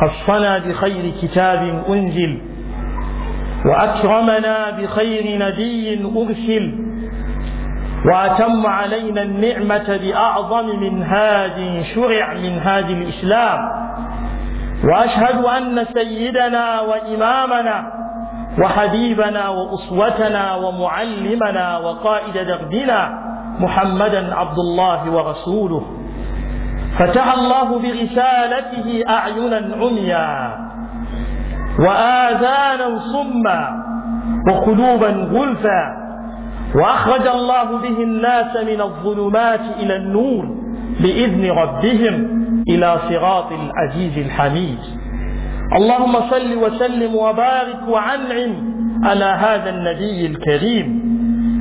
خصنا بخير كتاب أنزل وأكرمنا بخير نبي أرسل وأتم علينا النعمة بأعظم منهاج شرع منهاج الإسلام وأشهد أن سيدنا وإمامنا وحبيبنا وأسوتنا ومعلمنا وقائد دربنا محمدا عبد الله ورسوله فتح الله برسالته أعينا عميا وآذانا صما وقلوبا غلفا وأخرج الله به الناس من الظلمات إلى النور بإذن ربهم إلى صراط العزيز الحميد اللهم صل وسلم وبارك وأنعم على هذا النبي الكريم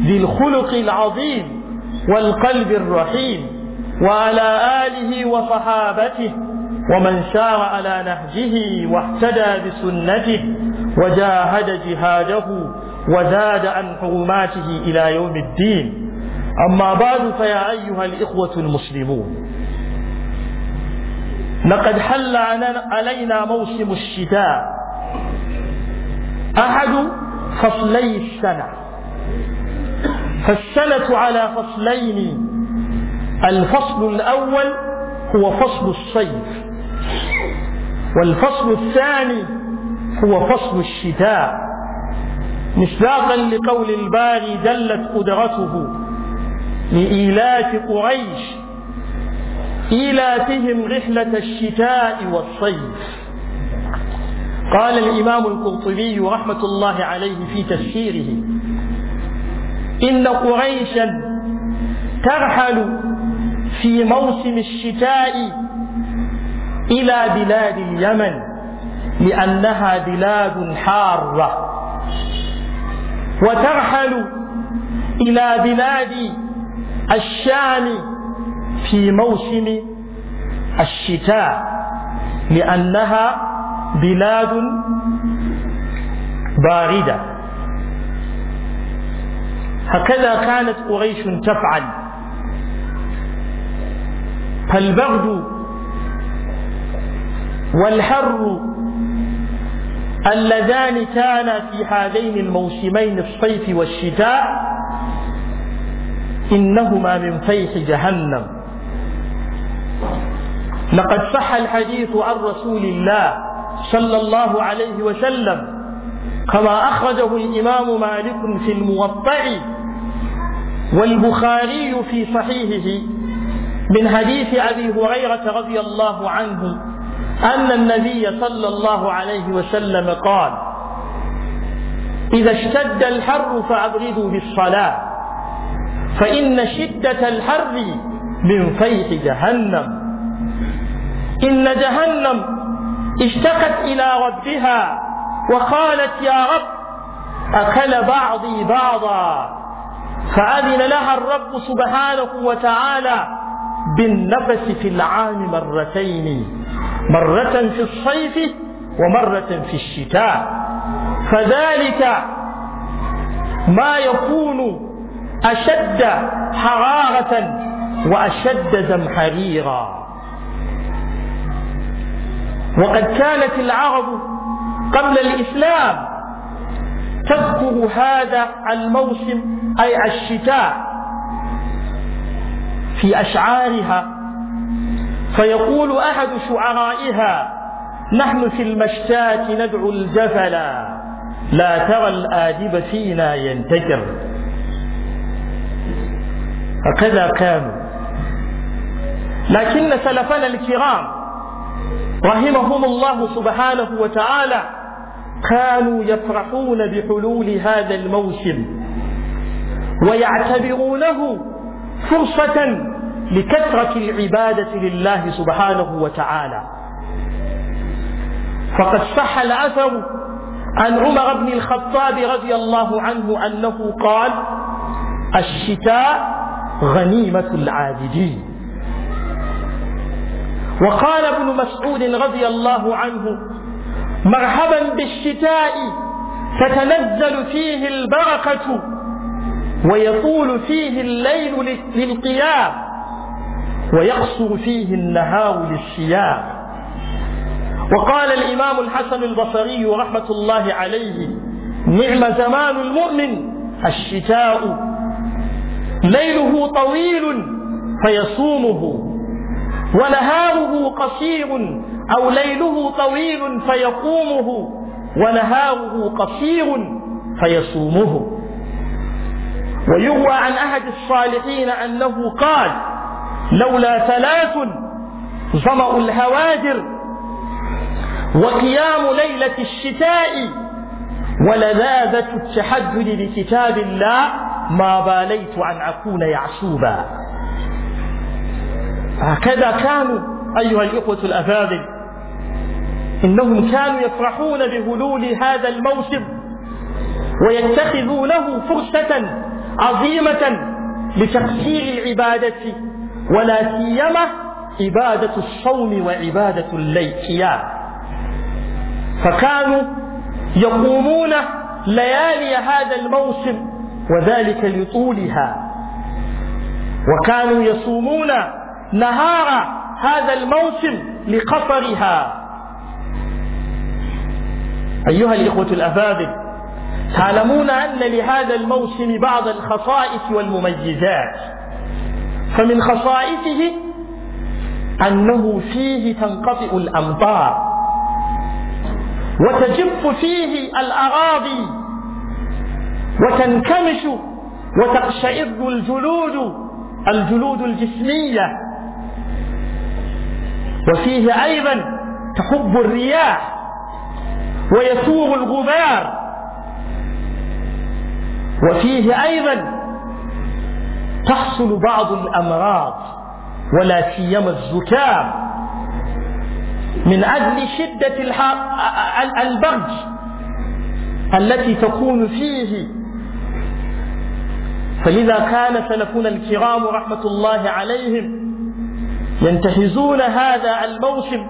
ذي الخلق العظيم والقلب الرحيم وعلى آله وصحابته ومن سار على نهجه واهتدى بسنته وجاهد جهاده وزاد عن حرماته إلى يوم الدين أما بعد فيا أيها الإخوة المسلمون لقد حل علينا موسم الشتاء أحد فصلي السنة فالسنة على فصلين الفصل الأول هو فصل الصيف والفصل الثاني هو فصل الشتاء مصداقا لقول الباري دلت قدرته لإيلاف قريش إيلافهم رحلة الشتاء والصيف قال الإمام القرطبي رحمة الله عليه في تفسيره إن قريشا ترحل في موسم الشتاء إلى بلاد اليمن لأنها بلاد حارة وترحل إلى بلاد الشام في موسم الشتاء لأنها بلاد باردة هكذا كانت قريش تفعل فالبغض والحر اللذان كانا في هذين الموسمين الصيف والشتاء إنهما من فيح جهنم لقد صح الحديث عن رسول الله صلى الله عليه وسلم كما أخرجه الإمام مالك في الموطأ والبخاري في صحيحه من حديث ابي هريره رضي الله عنه ان النبي صلى الله عليه وسلم قال اذا اشتد الحر فابردوا بالصلاه فان شده الحر من فيح جهنم ان جهنم اشتقت الى ربها وقالت يا رب اكل بعضي بعضا فاذن لها الرب سبحانه وتعالى بالنفس في العام مرتين مرة في الصيف ومرة في الشتاء فذلك ما يكون أشد حرارة وأشد زمحريرا وقد كانت العرب قبل الإسلام تذكر هذا الموسم أي الشتاء في أشعارها فيقول أحد شعرائها نحن في المشتاة ندعو الجفلا لا ترى الآدب فينا ينتكر هكذا كانوا لكن سلفنا الكرام رحمهم الله سبحانه وتعالى كانوا يفرحون بحلول هذا الموسم ويعتبرونه فرصة لكثرة العبادة لله سبحانه وتعالى فقد صح الأثر عن عمر بن الخطاب رضي الله عنه أنه قال الشتاء غنيمة العابدين وقال ابن مسعود رضي الله عنه مرحبا بالشتاء تتنزل فيه البركة ويطول فيه الليل للقيام ويقصر فيه النهار للصيام وقال الإمام الحسن البصري رحمة الله عليه نعم زمان المؤمن الشتاء ليله طويل فيصومه ونهاره قصير أو ليله طويل فيقومه ونهاره قصير فيصومه ويروى عن أحد الصالحين أنه قال لولا ثلاث ظمأ الهواجر وقيام ليلة الشتاء ولذاذة التحدث بكتاب الله ما باليت أن أكون يعصوبا هكذا كانوا أيها الإخوة الأفاضل إنهم كانوا يفرحون بهلول هذا الموسم ويتخذونه فرصة عظيمة لتقصير العبادة ولا سيما عبادة الصوم وعبادة القيام فكانوا يقومون ليالي هذا الموسم وذلك لطولها وكانوا يصومون نهار هذا الموسم لقصرها أيها الإخوة الأفاضل تعلمون أن لهذا الموسم بعض الخصائص والمميزات فمن خصائصه أنه فيه تنقطع الأمطار وتجف فيه الأراضي وتنكمش وتقشعر الجلود الجلود الجسمية وفيه أيضا تحب الرياح ويسوغ الغبار وفيه أيضا تحصل بعض الأمراض ولا سيما الزكام من أجل شدة البرج التي تكون فيه فلذا كان سلفنا الكرام رحمة الله عليهم ينتهزون هذا الموسم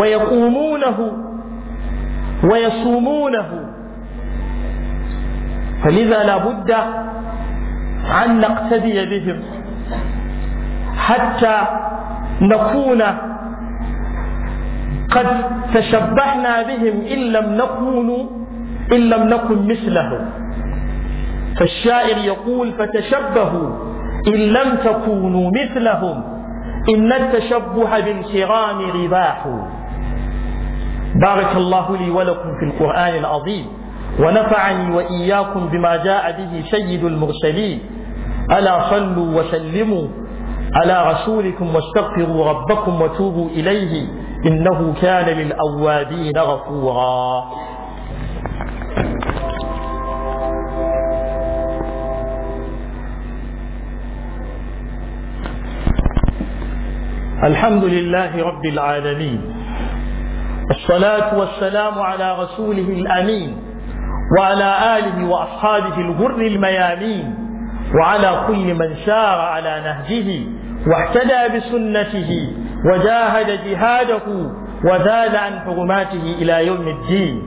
ويقومونه ويصومونه فلذا لا بد أن نقتدي بهم حتى نكون قد تشبهنا بهم إن لم نكون إن لم نكن مثلهم فالشاعر يقول فتشبهوا إن لم تكونوا مثلهم إن التشبه بالكرام رباح بارك الله لي ولكم في القرآن العظيم ونفعني وإياكم بما جاء به سيد المرسلين ألا صلوا وسلموا على رسولكم واستغفروا ربكم وتوبوا إليه إنه كان للأوابين غفورا الحمد لله رب العالمين الصلاة والسلام على رسوله الأمين وعلى آله وأصحابه الغر الميامين وعلى كل من سار على نهجه واهتدى بسنته وجاهد جهاده وزاد عن حرماته إلى يوم الدين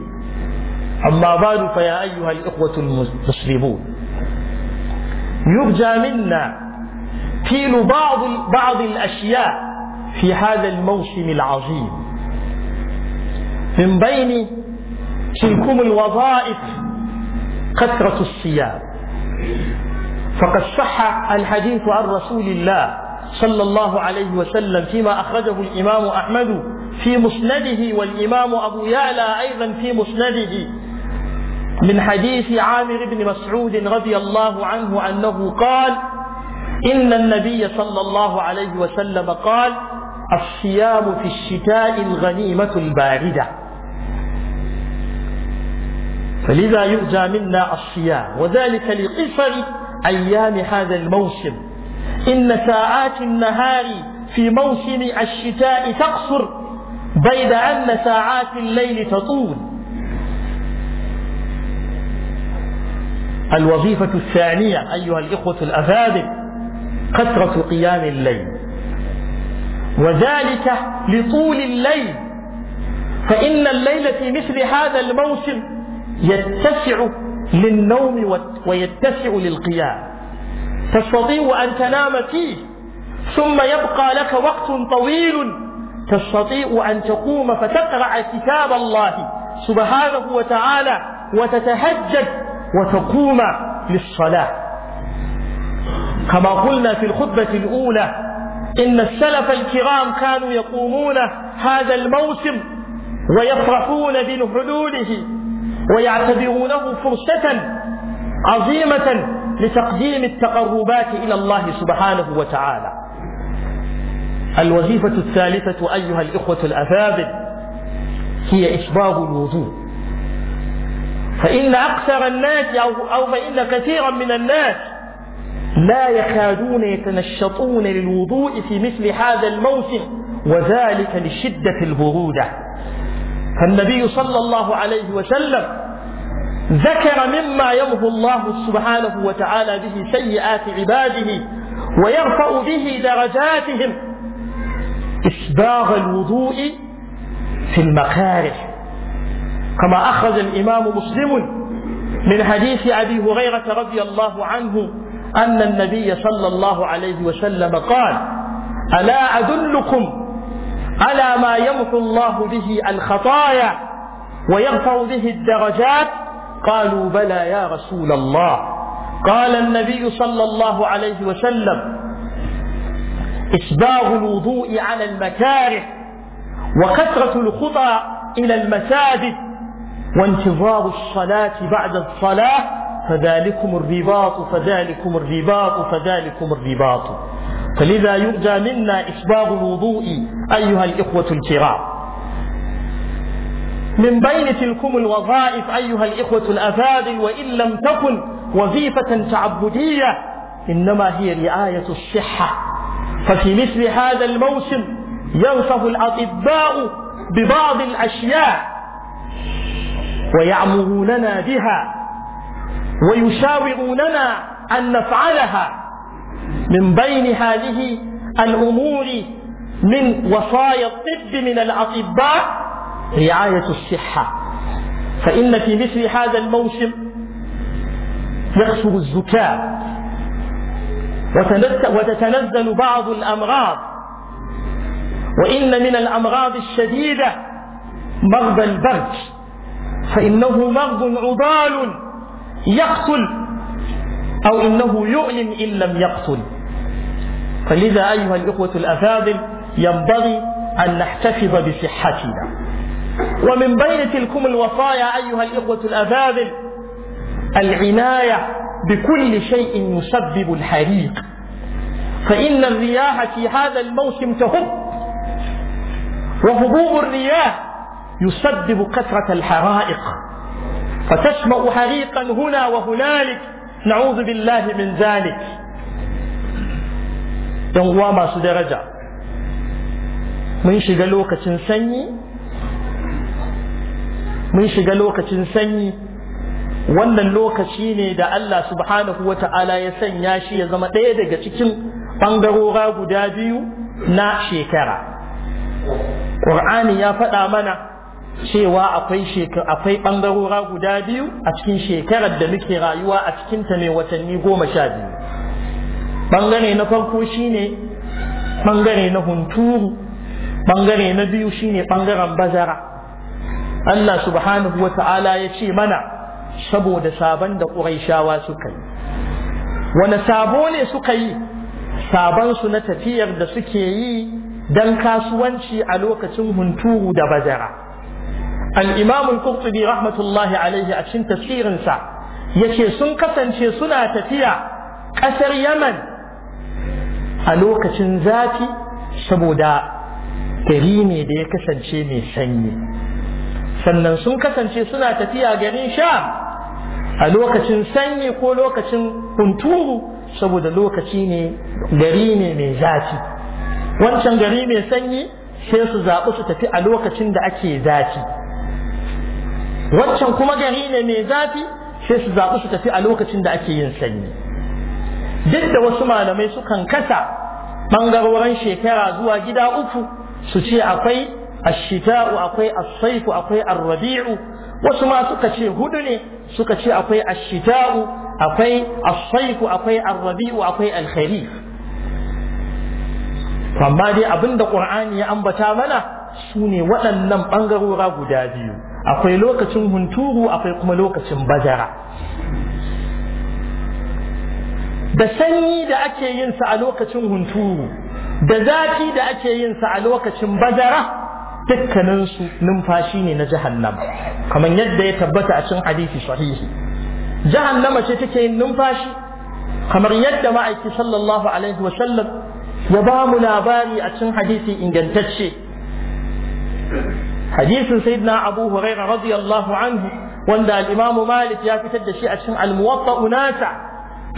أما بعد فيا أيها الإخوة المسلمون يرجى منا تيل بعض بعض الأشياء في هذا الموسم العظيم من بين تلكم الوظائف كثرة الصيام فقد صح الحديث عن رسول الله صلى الله عليه وسلم فيما أخرجه الإمام أحمد في مسنده والإمام أبو يعلى أيضا في مسنده من حديث عامر بن مسعود رضي الله عنه أنه قال إن النبي صلى الله عليه وسلم قال الصيام في الشتاء الغنيمة الباردة فلذا يرجى منا الصيام وذلك لقصر أيام هذا الموسم إن ساعات النهار في موسم الشتاء تقصر بيد أن ساعات الليل تطول الوظيفة الثانية أيها الإخوة الأفاضل كثرة قيام الليل وذلك لطول الليل فإن الليل في مثل هذا الموسم يتسع للنوم ويتسع للقيام تستطيع أن تنام فيه ثم يبقى لك وقت طويل تستطيع أن تقوم فتقرأ كتاب الله سبحانه وتعالى وتتهجد وتقوم للصلاة كما قلنا في الخطبة الأولى إن السلف الكرام كانوا يقومون هذا الموسم ويفرحون بنحلوله ويعتبرونه فرصة عظيمة لتقديم التقربات إلى الله سبحانه وتعالى الوظيفة الثالثة أيها الإخوة الأفاضل هي إشباب الوضوء فإن أكثر الناس أو, أو فإن كثيرا من الناس لا يكادون يتنشطون للوضوء في مثل هذا الموسم وذلك لشدة البرودة فالنبي صلى الله عليه وسلم ذكر مما يمحو الله سبحانه وتعالى به سيئات عباده ويرفع به درجاتهم إسباغ الوضوء في المكاره كما أخرج الإمام مسلم من حديث أبي هريرة رضي الله عنه أن النبي صلى الله عليه وسلم قال ألا أدلكم على ما يمحو الله به الخطايا ويرفع به الدرجات قالوا بلى يا رسول الله قال النبي صلى الله عليه وسلم إسباغ الوضوء على المكاره وكثرة الخطى إلى المساجد وانتظار الصلاة بعد الصلاة فذلكم الرباط فذلكم الرباط فذلكم الرباط فلذا يرجى منا إسباغ الوضوء أيها الإخوة الكرام من بين تلكم الوظائف أيها الإخوة الأفاضل وإن لم تكن وظيفة تعبدية إنما هي رعاية الصحة ففي مثل هذا الموسم ينصف الأطباء ببعض الأشياء ويعمروننا بها ويشاوروننا أن نفعلها من بين هذه الأمور من وصايا الطب من الأطباء رعاية الصحة فإن في مثل هذا الموسم يكثر الزكام وتتنزل بعض الأمراض وإن من الأمراض الشديدة مرض البرد فإنه مرض عضال يقتل أو إنه يؤلم إن لم يقتل فلذا أيها الإخوة الأفاضل ينبغي أن نحتفظ بصحتنا ومن بين تلكم الوصايا أيها الإخوة الأفاضل العناية بكل شيء يسبب الحريق فإن الرياح في هذا الموسم تهب وهبوب الرياح يسبب كثرة الحرائق فتشمأ حريقا هنا وهنالك na'udhu billahi min zalik Dan uwa masu daraja mun shiga lokacin sanyi mun shiga lokacin sanyi wannan lokaci ne da Allah subhanahu wa ta'ala ya sanya shi ya zama ɗaya daga cikin ɓangarora guda biyu na shekara. Ƙur'ani ya faɗa mana cewa akwai akwai bangarora guda biyu a cikin shekarar da muke rayuwa a cikin ta mai watanni goma sha biyu bangare na farko shine bangare na hunturu bangare na biyu shine bangaren bazara Allah subhanahu wa ta'ala ya ce mana saboda sabon da ƙuraishawa suka yi wani sabo ne suka yi sabon su na tafiyar da suke yi don kasuwanci a lokacin hunturu da bazara al-imam rahmatullahi alaihi a cikin tafsirin sa yace sun kasance suna tafiya ƙasar yaman a lokacin zafi saboda gari ne da ya kasance mai sanyi sannan sun kasance suna tafiya garin sha a lokacin sanyi ko lokacin hunturu saboda lokaci ne gari ne mai zafi wancan gari mai sanyi sai su zaɓi su tafi a lokacin da ake zafi waccan kuma gari ne mai zafi sai su zaɓi su tafi a lokacin da ake yin sanyi duk da wasu malamai sukan kasa ɓangarorin shekara zuwa gida uku su ce akwai ashita'u akwai asaifu akwai arrabi'u wasu ma suka ce hudu ne suka ce akwai ashita'u akwai asaifu akwai arrabi'u akwai alkhairi. amma dai abinda qur'ani ya ambata mana su ne waɗannan ɓangarora guda biyu akwai lokacin hunturu akwai kuma lokacin bazara da sanyi da ake yin sa a lokacin hunturu da zafi da ake yin sa a lokacin bazara dukkaninsu numfashi ne na jahannama kamar yadda ya tabbata a cikin hadisi sahihi jahannama ce take yin numfashi kamar yadda ma'aiki sallallahu alaihi wa sallam ya ba mu labari a cikin hadisi ingantacce hadisin sayyidina abu huraira radiyallahu anhu wanda al-imamu malik ya fitar da shi a cikin al-muwatta unasa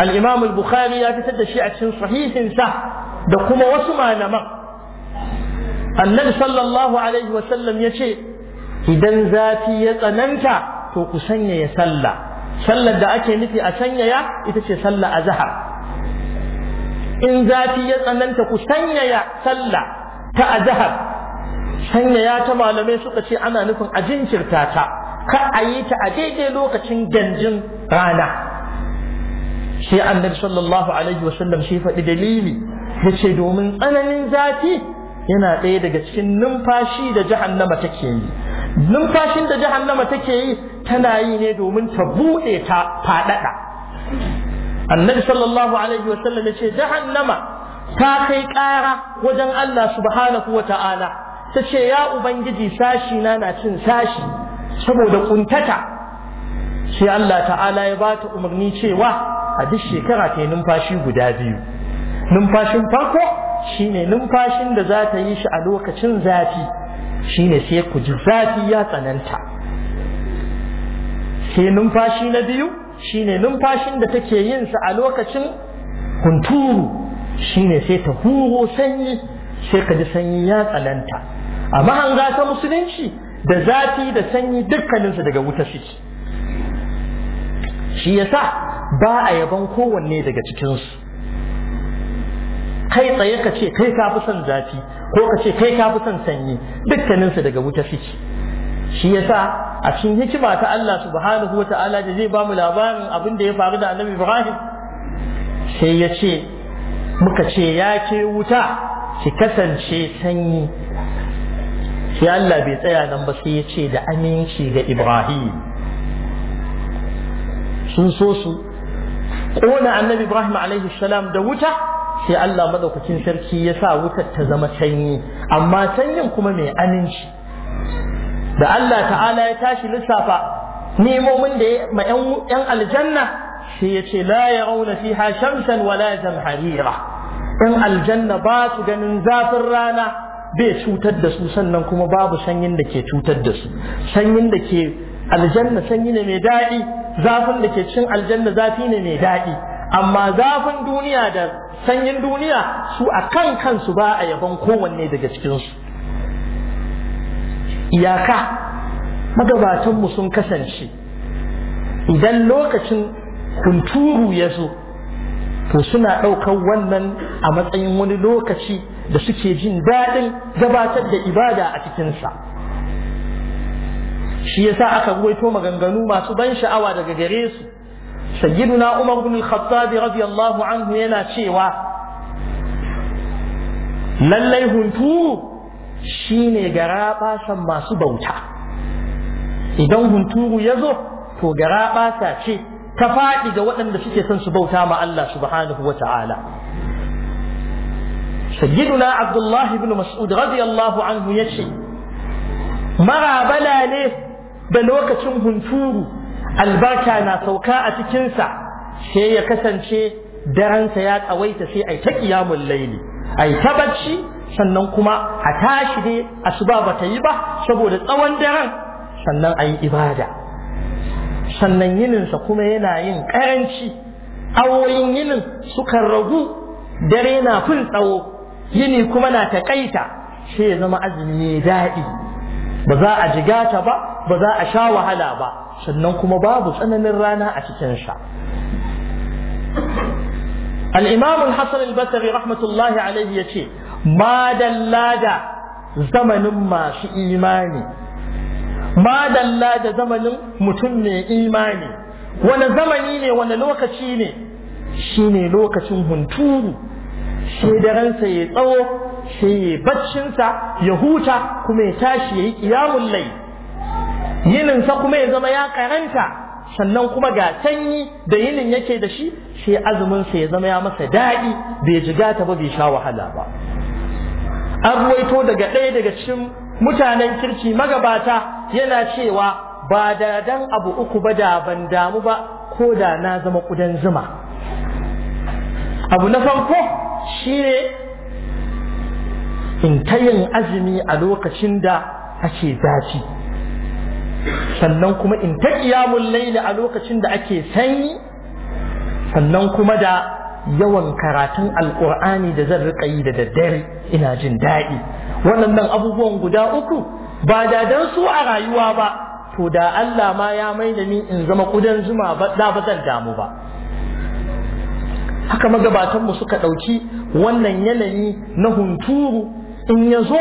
al-imamu al-bukhari ya fitar da shi a cikin sahihin sa da kuma wasu malaman annabi sallallahu alaihi wa sallam yace idan zafi ya tsananta to ku sanyaya sallah sallar da ake nufi a sanyaya ita ce sallah azhar in zafi ya tsananta ku sanyaya sallah ta azhar sanya ya ta malamai suka ce ana nufin a jinkirta ta ka a yi ta a daidai lokacin ganjin rana sai annabi sallallahu alaihi sallam shi faɗi dalili ya ce domin tsananin zafi yana ɗaya daga cikin numfashi da jahannama take yi numfashin da jahannama take yi tana yi ne domin ta buɗe ta faɗaɗa annabi sallallahu alaihi sallam ya ce jahannama ta kai ƙara wajen Allah subhanahu wa ta'ala ta ce ya ubangiji sashi na na cin sashi saboda ƙuntata sai Allah ta'ala ya ba ta umarni cewa a duk shekara ta yi numfashi guda biyu numfashin farko shine numfashin da za ta yi shi a lokacin zafi shine sai ku ji zafi ya tsananta sai numfashi na biyu shine numfashin da take yin sa a lokacin hunturu shine sai ta huro sanyi sai ka ji sanyi ya tsananta a an ta musulunci da zafi da sanyi dukkaninsu daga wuta suke shi ya sa ba a yaban kowanne daga cikinsu kai tsaye ka ce kai ka fi son zafi ko ka ce kai ka fi son sanyi dukkaninsu daga wuta suke shi ya sa a cikin hikima ta Allah subhanahu wa ta'ala da zai ba mu labarin abin da ya faru da annabi Ibrahim sai ya ce muka ce ya ke wuta ki kasance sanyi sai Allah bai tsaya nan ba sai ya ce da aminci ga Ibrahim sun so su ƙona annabi Ibrahim alaihi salam da wuta sai Allah madaukakin sarki ya sa wutar ta zama sanyi amma sanyin kuma mai aminci da Allah ta'ala ya tashi lissafa nemomin da ya ma 'yan aljanna sai ya ce la ya rauna fiha shamsan wala zamharira ɗan aljanna ba su ganin zafin rana bai cutar da su sannan kuma babu sanyin da ke cutar da su sanyin da ke aljanna sanyi ne mai daɗi zafin da ke cin aljanna zafi ne mai daɗi amma zafin duniya da sanyin duniya su a kan kansu ba a yabon kowanne daga cikinsu iyaka magabatanmu sun kasance idan lokacin hunturu ya zo to suna ɗaukar wannan a matsayin wani lokaci da suke jin daɗin gabatar da ibada a cikinsa shi yasa aka ruwaito maganganu masu ban sha'awa daga gare su sayyiduna umar bin al-khattab radiyallahu anhu yana cewa lallai hunturu shine garaɓasan masu bauta idan hunturu ya zo to garaɓasa ce ta faɗi ga waɗanda suke son su bauta ma Allah subhanahu wa ta'ala sayyiduna abdullahi ibn mas'ud radiyallahu anhu yace marabala ne da lokacin hunturu albarka na sauka a cikinsa sai ya kasance daransa ya tsawaita sai ai ta kiyamun laili ai ta bacci sannan kuma a tashi dai asuba ba ta yi ba saboda tsawon daren sannan a yi ibada sannan yininsa kuma yana yin karanci awoyin yinin sukan ragu dare na fin tsawo yini kuma na taƙaita shi ya zama azumi mai daɗi ba za a jigata ba ba za a sha wahala ba sannan kuma babu tsananin rana a cikin sa al-imam al-hasan al-basri rahmatullahi alayhi yace ma dalla zamanin masu imani ma zamanin mutum ne imani wani zamani ne wani lokaci ne shine lokacin hunturu sai ransa ya tsawo sai ya baccinsa ya huta kuma ya tashi ya yi kiyamun lai yininsa kuma ya zama ya karanta sannan kuma ga sanyi da yinin yake da shi sai azuminsa ya zama ya masa daɗi bai jigata ba bai sha wahala ba an ruwaito daga ɗaya daga cikin mutanen kirki magabata yana cewa ba da dan abu uku ba da ban damu ba ko da na zama ƙudan zuma abu na farko shi ne in ta yin azumi a lokacin da ake zafi sannan kuma in ta ƙiyamun laili a lokacin da ake sanyi sannan kuma da yawan karatun alƙur'ani da zan riƙa yi da daddare ina jin daɗi waɗannan abubuwan guda uku ba da don su a rayuwa ba to da Allah ma ya mai da ni in zama ƙudan zuma ba da ba zan damu ba haka magabatanmu suka ɗauki wannan yanayi na hunturu in ya zo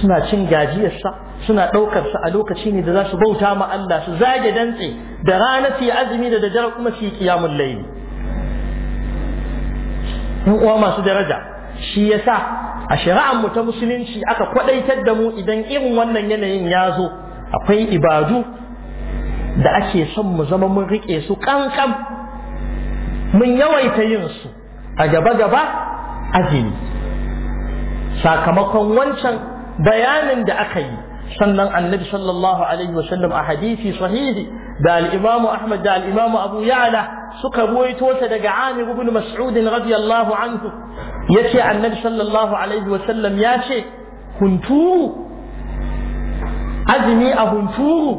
suna cin gajiyarsa suna ɗaukarsa a lokaci ne da za su bauta ma Allah su zage dantse da rana su yi azumi da dare kuma su yi kiyamun laili yan uwa masu daraja shi yasa a shari'ar mu ta musulunci aka kwadaitar da mu idan irin wannan yanayin ya zo akwai ibadu da ake son mu zama mun rike su kankan mun yawaita yin su a gaba gaba azumi sakamakon wancan bayanin da aka yi sannan annabi sallallahu alaihi wasallam a hadisi sahihi da al-imamu ahmad da al-imamu abu ya'la suka ruwaito ta daga amir ibn mas'ud radiyallahu anhu yace annabi sallallahu alaihi wasallam ya ce hunturu azumi a hunturu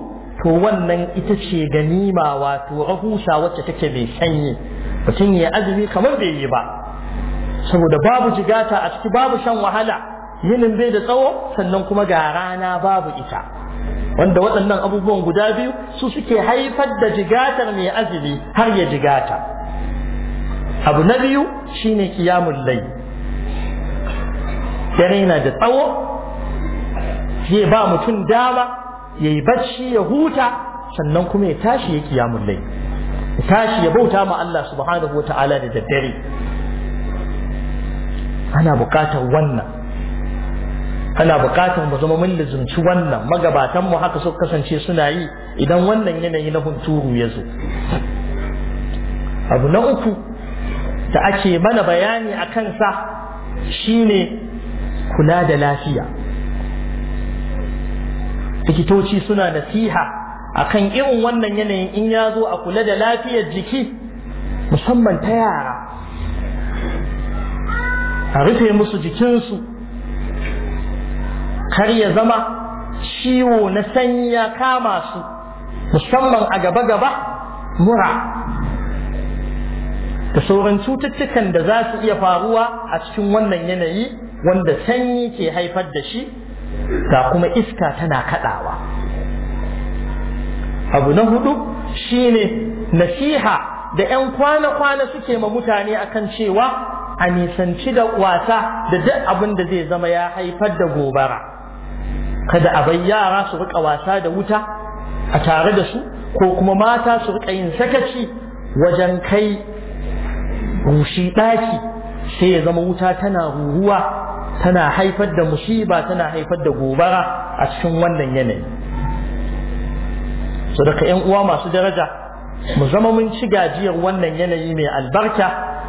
to wannan ita ce ganima wato rahusa wacce take mai sanyi mutum ya azumi kamar bai yi ba saboda babu jigata a ciki babu shan wahala yinin bai da tsawo sannan kuma ga rana babu ita wanda waɗannan abubuwan guda biyu su suke haifar da jigatar mai azumi har ya jigata abu na biyu shine kiyamun lai dare yana da tsawo zai ba mutum dama ya yi bacci ya huta sannan kuma ya tashi ya kiyamun lai tashi ya bauta ma Allah subhanahu wata'ala da daddare ana bukatar wannan ana bukatar mu zama mun lizumci wannan magabatan mu haka suka kasance suna yi idan wannan yanayi na hunturu ya zo abu na uku da ake mana bayani a kansa shine kula da lafiya likitoci suna nasiha akan irin wannan yanayin in ya zo a kula da lafiyar jiki musamman ta yara a rufe musu jikinsu kar ya zama ciwo na sanyi ya kama su musamman a gaba-gaba mura da sauran cututtukan da za su iya faruwa a cikin wannan yanayi wanda sanyi ke haifar da shi ga kuma iska tana kaɗawa. abu na hudu shine nasiha da 'yan kwana-kwana suke ma mutane akan cewa a nisanci da wasa da duk abin da zai zama ya haifar da gobara kada a bai yara su rika wasa da wuta a tare da su ko kuma mata su rika yin sakaci wajen kai rushi ɗaki sai ya zama wuta tana ruruwa tana haifar da musiba tana haifar da gobara a cikin wannan yanayi so daga yan uwa masu daraja mu zama mun ci gajiyar wannan yanayi mai albarka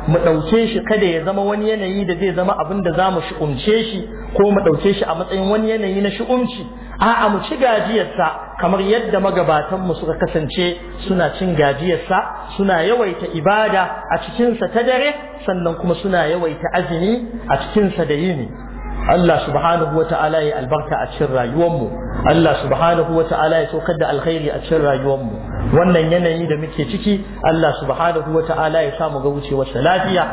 mu ɗauke shi kada ya zama wani yanayi da zai zama abin da za mu shi'umce shi ko mu ɗauke shi a matsayin wani yanayi na shi'umci a'a mu ci gajiyarsa kamar yadda magabatanmu suka kasance suna cin gajiyarsa suna yawaita ibada a cikinsa ta dare sannan kuma suna yawaita azumi a cikinsa da yini Allah subhanahu ta'ala ya albarka a cikin rayuwarmu Allah subhanahu ta'ala ya saukar da alkhairi a cikin rayuwarmu wannan yanayi da muke ciki Allah subhanahu ta'ala ya samu ga wucewar lafiya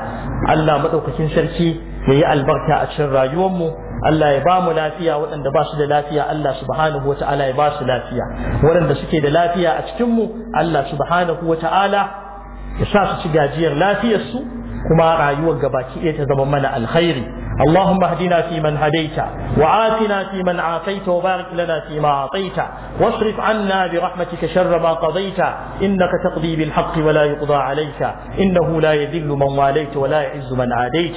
Allah madaukakin sarki ya yi albarka a cikin rayuwarmu Allah ya ba mu lafiya waɗanda ba su da lafiya Allah subhanahu wa ta'ala ya ba su lafiya waɗanda suke da lafiya a cikinmu Allah subhanahu wa ta'ala ya sa su ci gajiyar lafiyarsu kuma rayuwar gabaki ɗaya ta zama mana alkhairi اللهم اهدنا فيمن هديت وعافنا فيمن عافيت وبارك لنا فيما اعطيت واصرف عنا برحمتك شر ما قضيت انك تقضي بالحق ولا يقضى عليك انه لا يذل من واليت ولا يعز من عاديت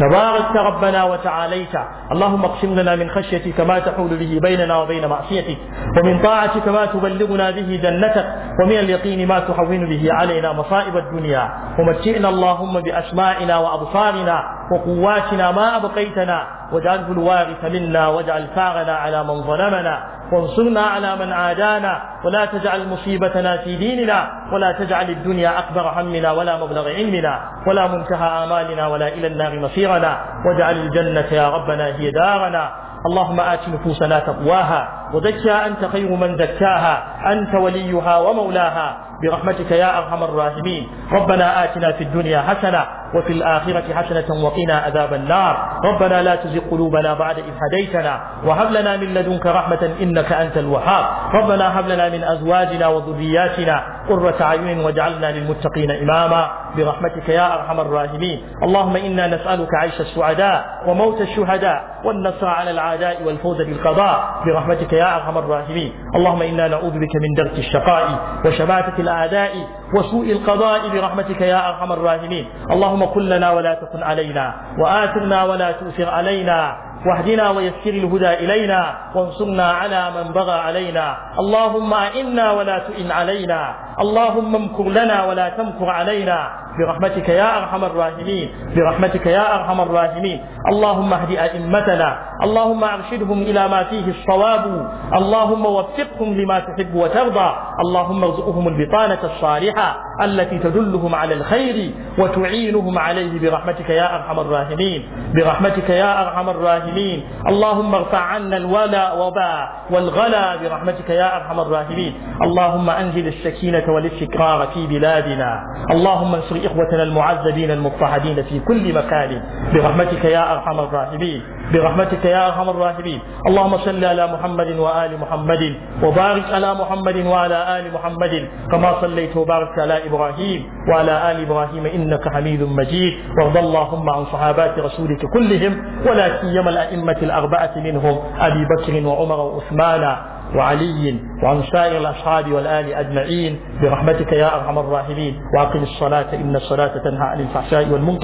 تباركت ربنا وتعاليت اللهم اقسم لنا من خشيتك ما تحول به بيننا وبين معصيتك ومن طاعتك ما تبلغنا به جنتك ومن اليقين ما تحول به علينا مصائب الدنيا ومتعنا اللهم باسمائنا وابصارنا وقواتنا ما أبقيتنا واجعله الوارث منا واجعل ثارنا على من ظلمنا وانصرنا على من عادانا ولا تجعل مصيبتنا في ديننا ولا تجعل الدنيا أكبر همنا ولا مبلغ علمنا ولا منتهى آمالنا ولا إلى النار مصيرنا واجعل الجنة يا ربنا هي دارنا اللهم آت نفوسنا تقواها وزكها أنت خير من زكاها أنت وليها ومولاها برحمتك يا أرحم الراحمين ربنا آتنا في الدنيا حسنة وفي الآخرة حسنة وقنا عذاب النار ربنا لا تزغ قلوبنا بعد إذ هديتنا وهب لنا من لدنك رحمة إنك أنت الوهاب ربنا هب لنا من أزواجنا وذرياتنا قرة أعين واجعلنا للمتقين إماما برحمتك يا أرحم الراحمين اللهم إنا نسألك عيش السعداء وموت الشهداء والنصر على العداء والفوز بالقضاء برحمتك يا أرحم الراحمين اللهم إنا نعوذ بك من درك الشقاء وشماتة الأعداء وسوء القضاء برحمتك يا أرحم الراحمين اللهم كن لنا ولا تكن علينا وآثرنا ولا تؤثر علينا واهدنا ويسر الهدى إلينا وانصرنا على من بغى علينا اللهم أئنا ولا تئن علينا اللهم امكر لنا ولا تمكر علينا برحمتك يا أرحم الراحمين برحمتك يا أرحم الراحمين اللهم اهد أئمتنا اللهم أرشدهم إلى ما فيه الصواب اللهم وفقهم لما تحب وترضى اللهم ارزقهم البطانة الصالحة التي تدلهم على الخير وتعينهم عليه برحمتك يا أرحم الراحمين برحمتك يا أرحم الراحمين اللهم ارفع عنا الولاء وباء والغلا برحمتك يا أرحم الراحمين اللهم أنزل السكينة والاستقرار في بلادنا اللهم انصر إخوتنا المعذبين المضطهدين في كل مكان برحمتك يا أرحم الراحمين برحمتك يا أرحم الراحمين اللهم صل على محمد وآل محمد وبارك على محمد وعلى آل محمد كما صليت وباركت على إبراهيم وعلى آل إبراهيم إنك حميد مجيد وارض اللهم عن صحابات رسولك كلهم ولا سيما الأئمة الأربعة منهم أبي بكر وعمر وعثمان وعلي وعن سائر الأصحاب والآل أجمعين برحمتك يا أرحم الراحمين وأقم الصلاة إن الصلاة تنهى عن الفحشاء والمنكر